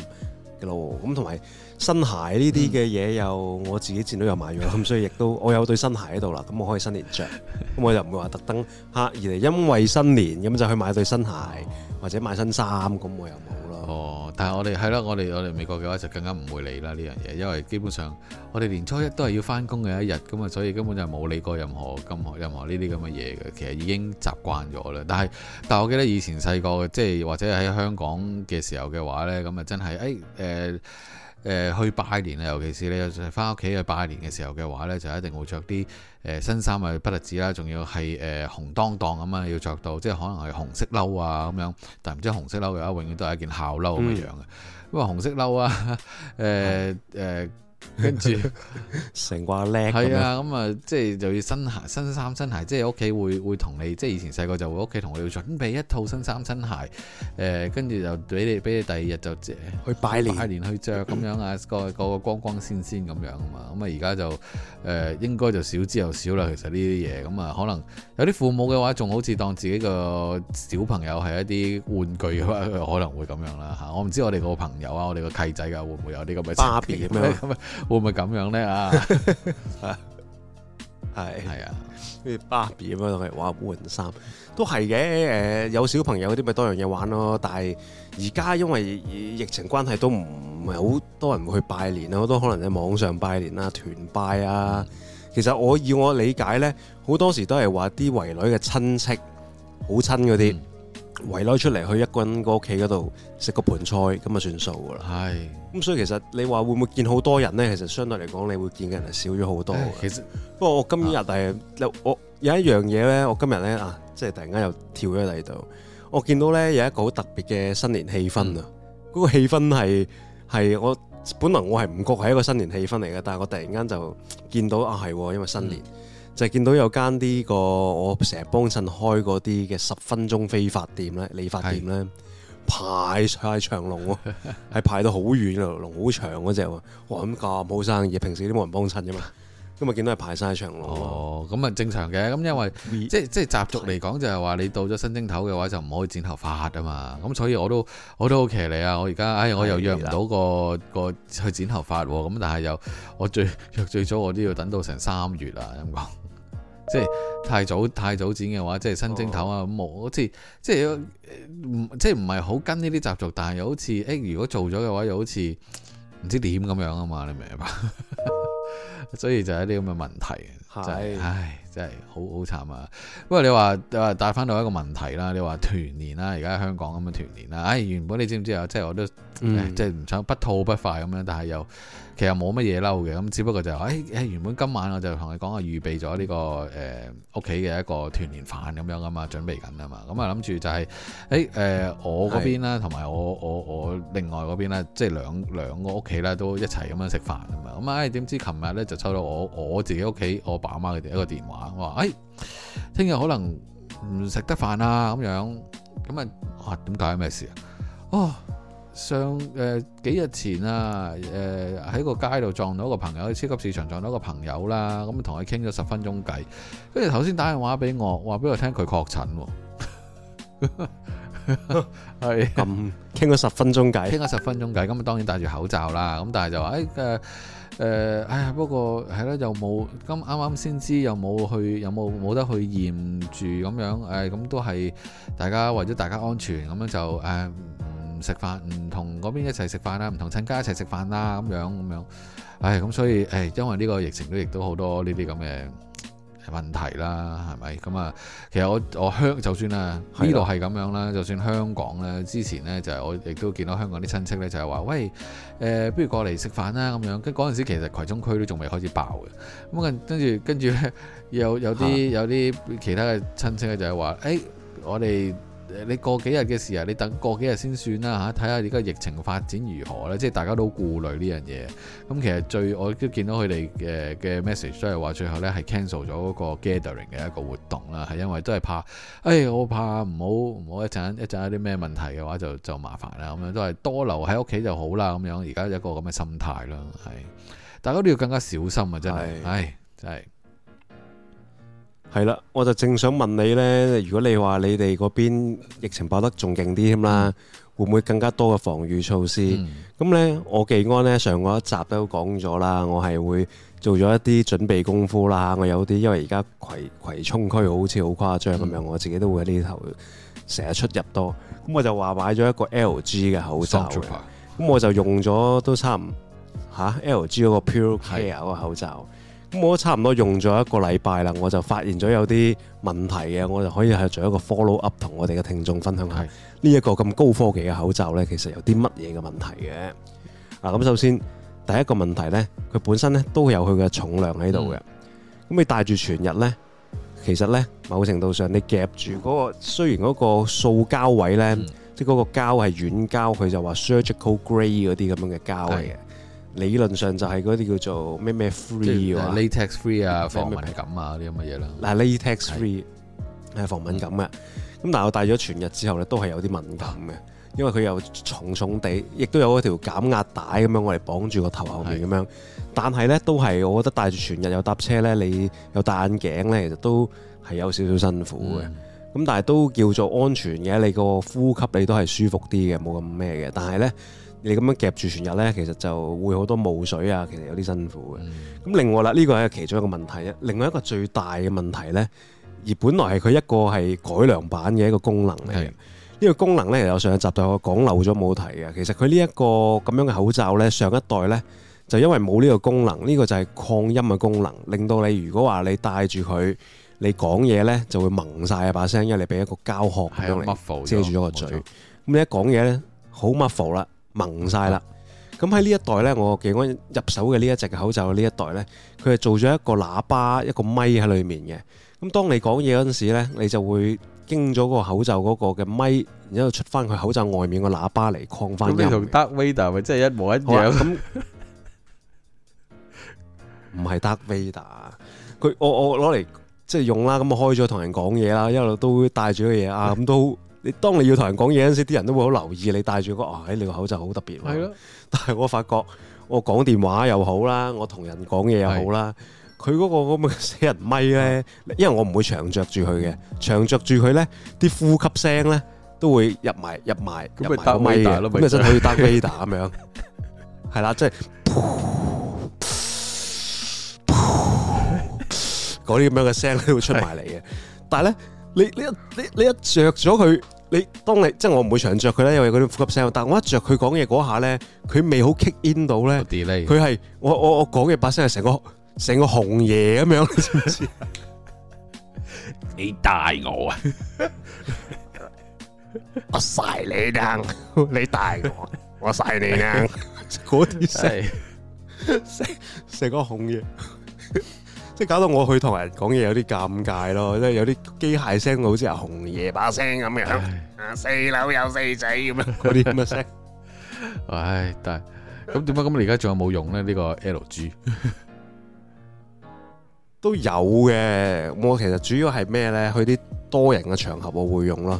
嘅咯。咁同埋新鞋呢啲嘅嘢又我自己前度有買咗，咁、嗯、所以亦都我有對新鞋喺度啦，咁我可以新年着。咁 我又唔會話特登嚇而嚟，因為新年咁就去買對新鞋或者買新衫，咁我又冇。哦，但係我哋係咯，我哋我哋美國嘅話就更加唔會理啦呢樣嘢，因為基本上我哋年初一都係要翻工嘅一日，咁啊，所以根本就冇理過任何任何呢啲咁嘅嘢嘅，其實已經習慣咗啦。但係但係我記得以前細個即係或者喺香港嘅時候嘅話呢，咁啊真係誒誒誒去拜年啊，尤其是你翻屋企去拜年嘅時候嘅話呢，就一定會着啲。誒、呃、新衫啊，不特止啦，仲要係誒紅當當咁啊，要着到，即係可能係紅色褸啊咁樣，但唔知紅色褸嘅話永遠都係一件校褸咁樣嘅，咁啊、嗯、紅色褸啊，誒、呃、誒。呃跟住成個靚係啊，咁啊、 嗯嗯，即係就要新鞋、新衫、新鞋，即係屋企會會同你，即係以前細個就會屋企同我哋準備一套新衫、新、嗯、鞋，誒，跟住就俾你，俾你第二日就借去拜年、拜年去着咁樣啊， 個個光光鮮鮮咁樣啊嘛，咁啊而家就誒、呃，應該就之少之又少啦。其實呢啲嘢，咁啊，可能有啲父母嘅話，仲好似當自己個小朋友係一啲玩具嘅可能會咁樣啦吓。嗯、我唔知我哋個朋友啊，我哋個契仔啊，會唔會有啲咁嘅差別咁啊？會唔會咁樣咧 啊？係係啊，好似芭比咁樣同佢玩換衫，都係嘅。誒，有小朋友啲咪多樣嘢玩咯。但係而家因為疫情關係，都唔係好多人會去拜年啊，好多可能喺網上拜年啊，團拜啊。其實我以我理解咧，好多時都係話啲遺女嘅親戚好親嗰啲。圍攞出嚟去一個人個屋企嗰度食個盤菜，咁就算數噶啦。係是。咁所以其實你話會唔會見好多人咧？其實相對嚟講，你會見嘅人係少咗好多。其實不過我今日係有我有一樣嘢咧，我今日咧啊，即係突然間又跳咗嚟度。我見到咧有一個好特別嘅新年氣氛啊！嗰、嗯、個氣氛係係我本來，我係唔覺係一個新年氣氛嚟嘅，但係我突然間就見到啊係，因為新年。嗯就係見到有間呢、呢個我成日幫襯開嗰啲嘅十分鐘非法店咧，理髮店咧是排晒長龍喎，係 排到好遠啊，龍好長嗰隻喎。哇，咁架冇生意，平時都冇人幫襯啫嘛。 今日見到係排晒長龍。哦，咁啊正常嘅。咁因為即即係習俗嚟講，對就係話你到咗新正頭嘅話，就唔可以剪頭髮啊嘛。咁所以我都我都好騎呢啊。我而家唉，我又約唔到個個去剪頭髮喎。咁但係又我最約最早我都要等到成三月啊。咁講。即係太早太早剪嘅話，即係新正頭啊，咁冇好似即係唔即係唔係好跟呢啲習俗，但係又好似誒，如果做咗嘅話，又好似唔知點咁樣啊嘛，你明白？ 所以就係一啲咁嘅問題，係是、就係、唉。真係好好慘啊！不過你話話帶翻到一個問題啦，你話團年啦，而家香港咁嘅團年啦，唉、哎、原本你知唔知啊？即係我都、嗯、即係唔想不吐不快咁樣，但係又其實冇乜嘢嬲嘅，咁只不過就係、是、唉、哎、原本今晚我就同你講啊，預備咗呢、這個誒屋企嘅一個團年飯咁樣啊嘛，準備緊啊嘛，咁啊諗住就係誒誒我嗰邊啦，同埋我我我另外嗰邊咧，的即係兩兩個屋企啦，都一齊咁樣食飯啊嘛，咁唉點知琴日咧就收到我我自己屋企我爸阿媽佢哋一個電話。我話誒，聽、哎、日可能唔食得飯啊，咁樣咁啊，啊點解咩事啊？哦，上誒、呃、幾日前啊，誒喺個街度撞到一個朋友喺超級市場撞到個朋友啦，咁同佢傾咗十分鐘偈，跟住頭先打電話俾我，話俾我聽佢確診，係咁傾咗十分鐘偈，傾咗十分鐘偈，咁啊當然戴住口罩啦，咁但係就話誒誒。哎呃誒、呃，唉，不過係啦，又冇咁啱啱先知，又冇去，又冇冇得去驗住，咁樣，誒，咁、嗯、都係大家為咗大家安全咁樣就誒唔食飯，唔同嗰邊一齊食飯啦，唔同親家一齊食飯啦，咁樣咁樣，唉，咁、嗯、所以誒，因為呢個疫情都亦都好多呢啲咁嘅。這問題啦，係咪咁啊？其實我我香就算啦，呢度係咁樣啦。的就算香港咧，之前咧就係、是、我亦都見到香港啲親戚咧，就係、是、話喂，誒、呃，不如過嚟食飯啦咁樣。跟嗰陣時其實葵涌區都仲未開始爆嘅。咁跟跟住跟住咧，有有啲、啊、有啲其他嘅親戚咧，就係話誒，我哋。你過幾日嘅事啊？你等過幾日先算啦嚇，睇下而家疫情發展如何咧。即係大家都好顧慮呢樣嘢。咁、嗯、其實最我都見到佢哋嘅嘅 message 都係話最後呢係 cancel 咗嗰個 gathering 嘅一個活動啦，係因為都係怕，哎，我怕唔好唔好一陣一陣有啲咩問題嘅話就就麻煩啦。咁、嗯、樣都係多留喺屋企就好啦。咁樣而家一個咁嘅心態啦，係大家都要更加小心啊！真係，唉是、哎，真係。係啦，我就正想問你呢。如果你話你哋嗰邊疫情爆得仲勁啲添啦，嗯、會唔會更加多嘅防禦措施？咁、嗯、呢，我記安呢上個一集都講咗啦，我係會做咗一啲準備功夫啦。我有啲因為而家葵葵涌區好似好誇張咁、嗯、樣，我自己都會喺呢頭成日出入多。咁我就話買咗一個乎乎乎、啊、LG 嘅口罩，咁我就用咗都差唔嚇 LG 嗰個 Pure Care 個口罩。咁我差唔多用咗一個禮拜啦，我就發現咗有啲問題嘅，我就可以係做一個 follow up 同我哋嘅聽眾分享下呢一個咁高科技嘅口罩呢，其實有啲乜嘢嘅問題嘅。嗱，咁首先第一個問題呢，佢本身呢都有佢嘅重量喺度嘅。咁你戴住全日呢，其實呢某程度上你夾住嗰個，雖然嗰個塑膠位呢，即嗰個膠係軟膠，佢就話 surgical gray 嗰啲咁樣嘅膠嚟嘅。理論上就係嗰啲叫做咩咩 free 嘅，Latex free 啊，防敏感啊啲咁嘅嘢啦。嗱，Latex free 係防敏感嘅，啊。咁但係我戴咗全日之後咧，都係有啲敏感嘅，嗯、因為佢又重重地，亦都有一條減壓帶咁樣，我哋綁住個頭後面咁樣。嗯、但係咧，都係我覺得戴住全日又搭車咧，你又戴眼鏡咧，其實都係有少少辛苦嘅。咁、嗯嗯、但係都叫做安全嘅，你個呼吸你都係舒服啲嘅，冇咁咩嘅。但係咧。你咁樣夾住全日咧，其實就會好多霧水啊，其實有啲辛苦嘅。咁另外啦，呢個係其中一個問題啊。另外一個最大嘅問題咧，而本來係佢一個係改良版嘅一個功能嚟嘅。呢個功能咧，有上一集就我講漏咗冇提嘅。其實佢呢一個咁樣嘅口罩咧，上一代咧就因為冇呢個功能，呢個就係擴音嘅功能，令到你如果話你戴住佢，你講嘢咧就會矇晒一把聲，因為你俾一個膠殼咁樣嚟遮住咗個嘴。咁你一講嘢咧，好 muffle 啦。蒙曬啦！咁喺呢一代咧，我嘅我入手嘅呢一隻口罩呢一代咧，佢係做咗一個喇叭一個咪喺裏面嘅。咁當你講嘢嗰陣時咧，你就會經咗個口罩嗰個嘅咪，然之後出翻佢口罩外面個喇叭嚟擴翻音。咁你同 Darth Vader 咪真係一模一樣？咁唔係 Darth Vader，佢我我攞嚟即係用啦，咁開咗同人講嘢啦，一路都帶住個嘢啊，咁都。你當你要同人講嘢嗰陣時，啲人都會好留意你戴住個，哎，你個口罩好特別。係咯。但係我發覺我講電話又好啦，我同人講嘢又好啦，佢嗰個咁嘅死人咪咧，因為我唔會長着住佢嘅，長着住佢咧，啲呼吸聲咧都會入埋入埋入埋咪打咯，咪真係好似打咪打咁樣。係啦，即係嗰啲咁樣嘅聲咧會出埋嚟嘅，但係咧。你你一你你一著咗佢，你當你即係我唔會長著佢咧，因為嗰啲呼吸聲。但係我一著佢講嘢嗰下咧，佢未好 kick in 到咧，佢係我我我講嘢把聲係成個成個紅嘢咁樣，知唔知啊？你大我啊，我晒你張，你大我，我晒你張，嗰啲成成個紅嘢。即係搞到我去同人講嘢有啲尷尬咯，即係有啲機械聲，好似阿紅爺把聲咁樣，啊四樓有四仔咁樣嗰啲咁嘅聲。唉，但係咁點解咁你而家仲有冇用咧？呢個 LG 都有嘅。我其實主要係咩咧？去啲多人嘅場合我會用咯。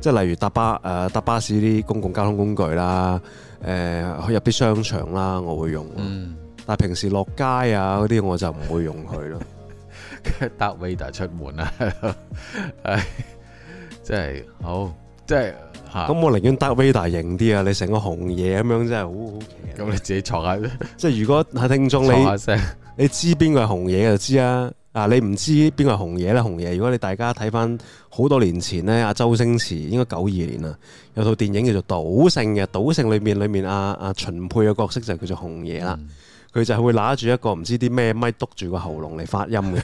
即係例如搭巴誒搭巴士啲公共交通工具啦，誒去入啲商場啦我會用。但係平時落街啊嗰啲我就唔會用佢咯，搭 Vader 出門、 哎、真真啊，係、啊，即係好，即係咁我寧願搭 Vader 型啲啊，你成個洪爺咁樣真係好好奇。咁你自己嘈下，即係 如果喺聽眾你你知邊個係洪爺就知啦。啊， 你唔知邊個係洪爺咧？洪爺，如果你大家睇翻好多年前呢，阿周星馳應該九二年啦，有套電影叫做《賭聖》嘅，裡《賭聖》裏面裏面阿阿秦沛嘅角色就叫做洪爺啦。嗯。佢就係會拿住一個唔知啲咩咪篤住個喉嚨嚟發音嘅，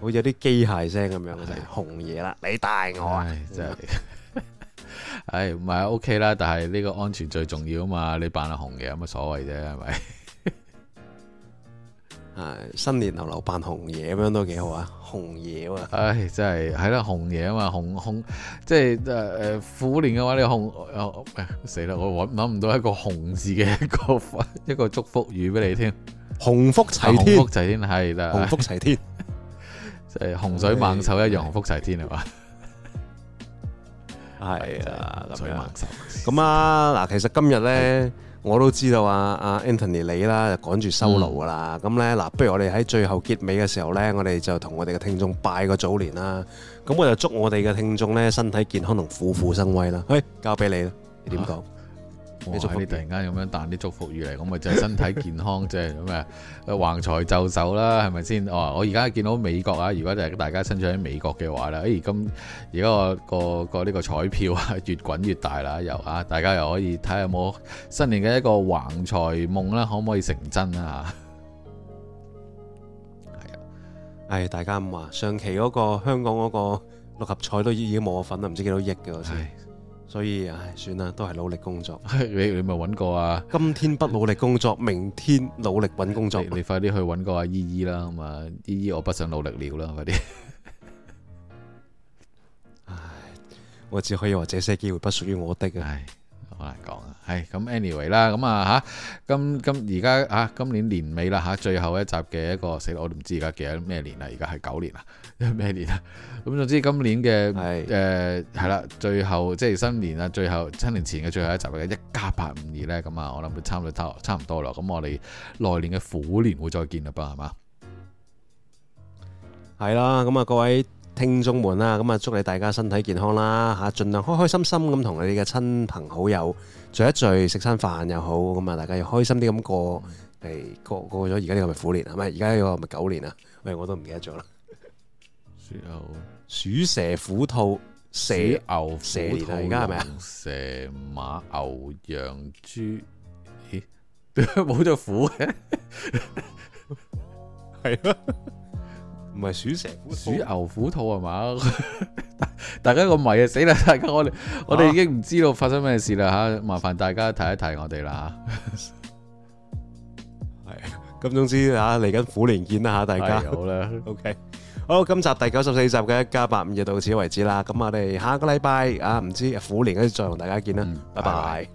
會有啲機械聲咁樣。 就係紅嘢啦，你帶我、啊，真係唔係？O K 啦，但係呢個安全最重要啊嘛！你扮下紅嘢有乜所謂啫？係咪？ 啊！新年流流扮紅嘢咁樣都幾好啊！紅嘢啊！唉、哎，真係係啦，紅嘢啊嘛，紅紅即係誒誒，虎、呃、年嘅話你紅死啦、哎！我搵唔到一個紅字嘅一個一個祝福語俾你添，紅福齊天，紅福齊天係啦，紅福齊天，即係洪水猛獸一樣，的紅福齊天係嘛？係啊，咁樣咁啊嗱，其實今日咧。我都知道啊，阿、啊、Anthony 你啦，就趕住收爐噶啦。咁咧、嗯，嗱、嗯，不如我哋喺最後結尾嘅時候咧，我哋就同我哋嘅聽眾拜個早年啦。咁我就祝我哋嘅聽眾咧，身體健康同虎虎生威啦。去、嗯、交俾你啦，你點講？啊你你哇突然間咁樣彈啲祝福語嚟，咁啊，就身體健康啫，咁啊， 橫財就手啦，係咪先？哦，我而家見到美國啊，如果就係大家身處喺美國嘅話啦，哎，咁而家個個呢個彩票啊，越滾越大啦，又啊，大家又可以睇下有冇新年嘅一個橫財夢啦，可唔可以成真啊？係 啊、哎，係大家咁話，上期嗰個香港嗰個六合彩都已經冇我份啦，唔知幾多億嘅我先。哎所以唉，算啦，都係努力工作。 你咪揾過啊！今天不努力工作，明天努力揾工作。 你快啲去揾個阿姨姨啦，咁啊，姨姨我不想努力了啦，快啲！唉、 哎，我只可以話這些機會不屬於我的唉，好難講啊。唉，咁 anyway 啦，咁啊吓，今今而家啊，今年年尾啦吓，最後一集嘅一個死，ial, 我都唔知而家幾多咩年啦，而家係九年啦。咩年啊？咁總之今年嘅誒係啦，最後即係新年啦，最後七年前嘅最後一集嘅一家852咧，咁啊，我諗都差唔多差唔多啦。咁我哋來年嘅虎年會再見啦，係嘛？係啦，咁啊各位聽眾們啦，咁啊祝你大家身體健康啦吓，盡量開開心心咁同你嘅親朋好友聚一聚，食餐飯又好，咁啊大家要開心啲咁過嚟過過咗而家呢個咪虎年係咪？而家呢個咪九年啊？喂，我都唔記得咗啦。鼠蛇虎兔蛇，虎蛇牛蛇兔而家係咪啊？蛇馬牛羊豬，咦，冇咗虎嘅，係咯、 啊，唔係鼠蛇虎鼠牛虎兔係嘛？ 大家個迷啊，死啦！大家我哋、啊、我哋已經唔知道發生咩事啦吓，麻煩大家提一提我哋啦吓。係，咁總之吓嚟緊虎年見啦吓，大家好啦，OK。好，今集第九十四集嘅一家八五就到此為止啦。咁我哋下個禮拜啊，唔知虎年嗰時再同大家見啦。拜拜。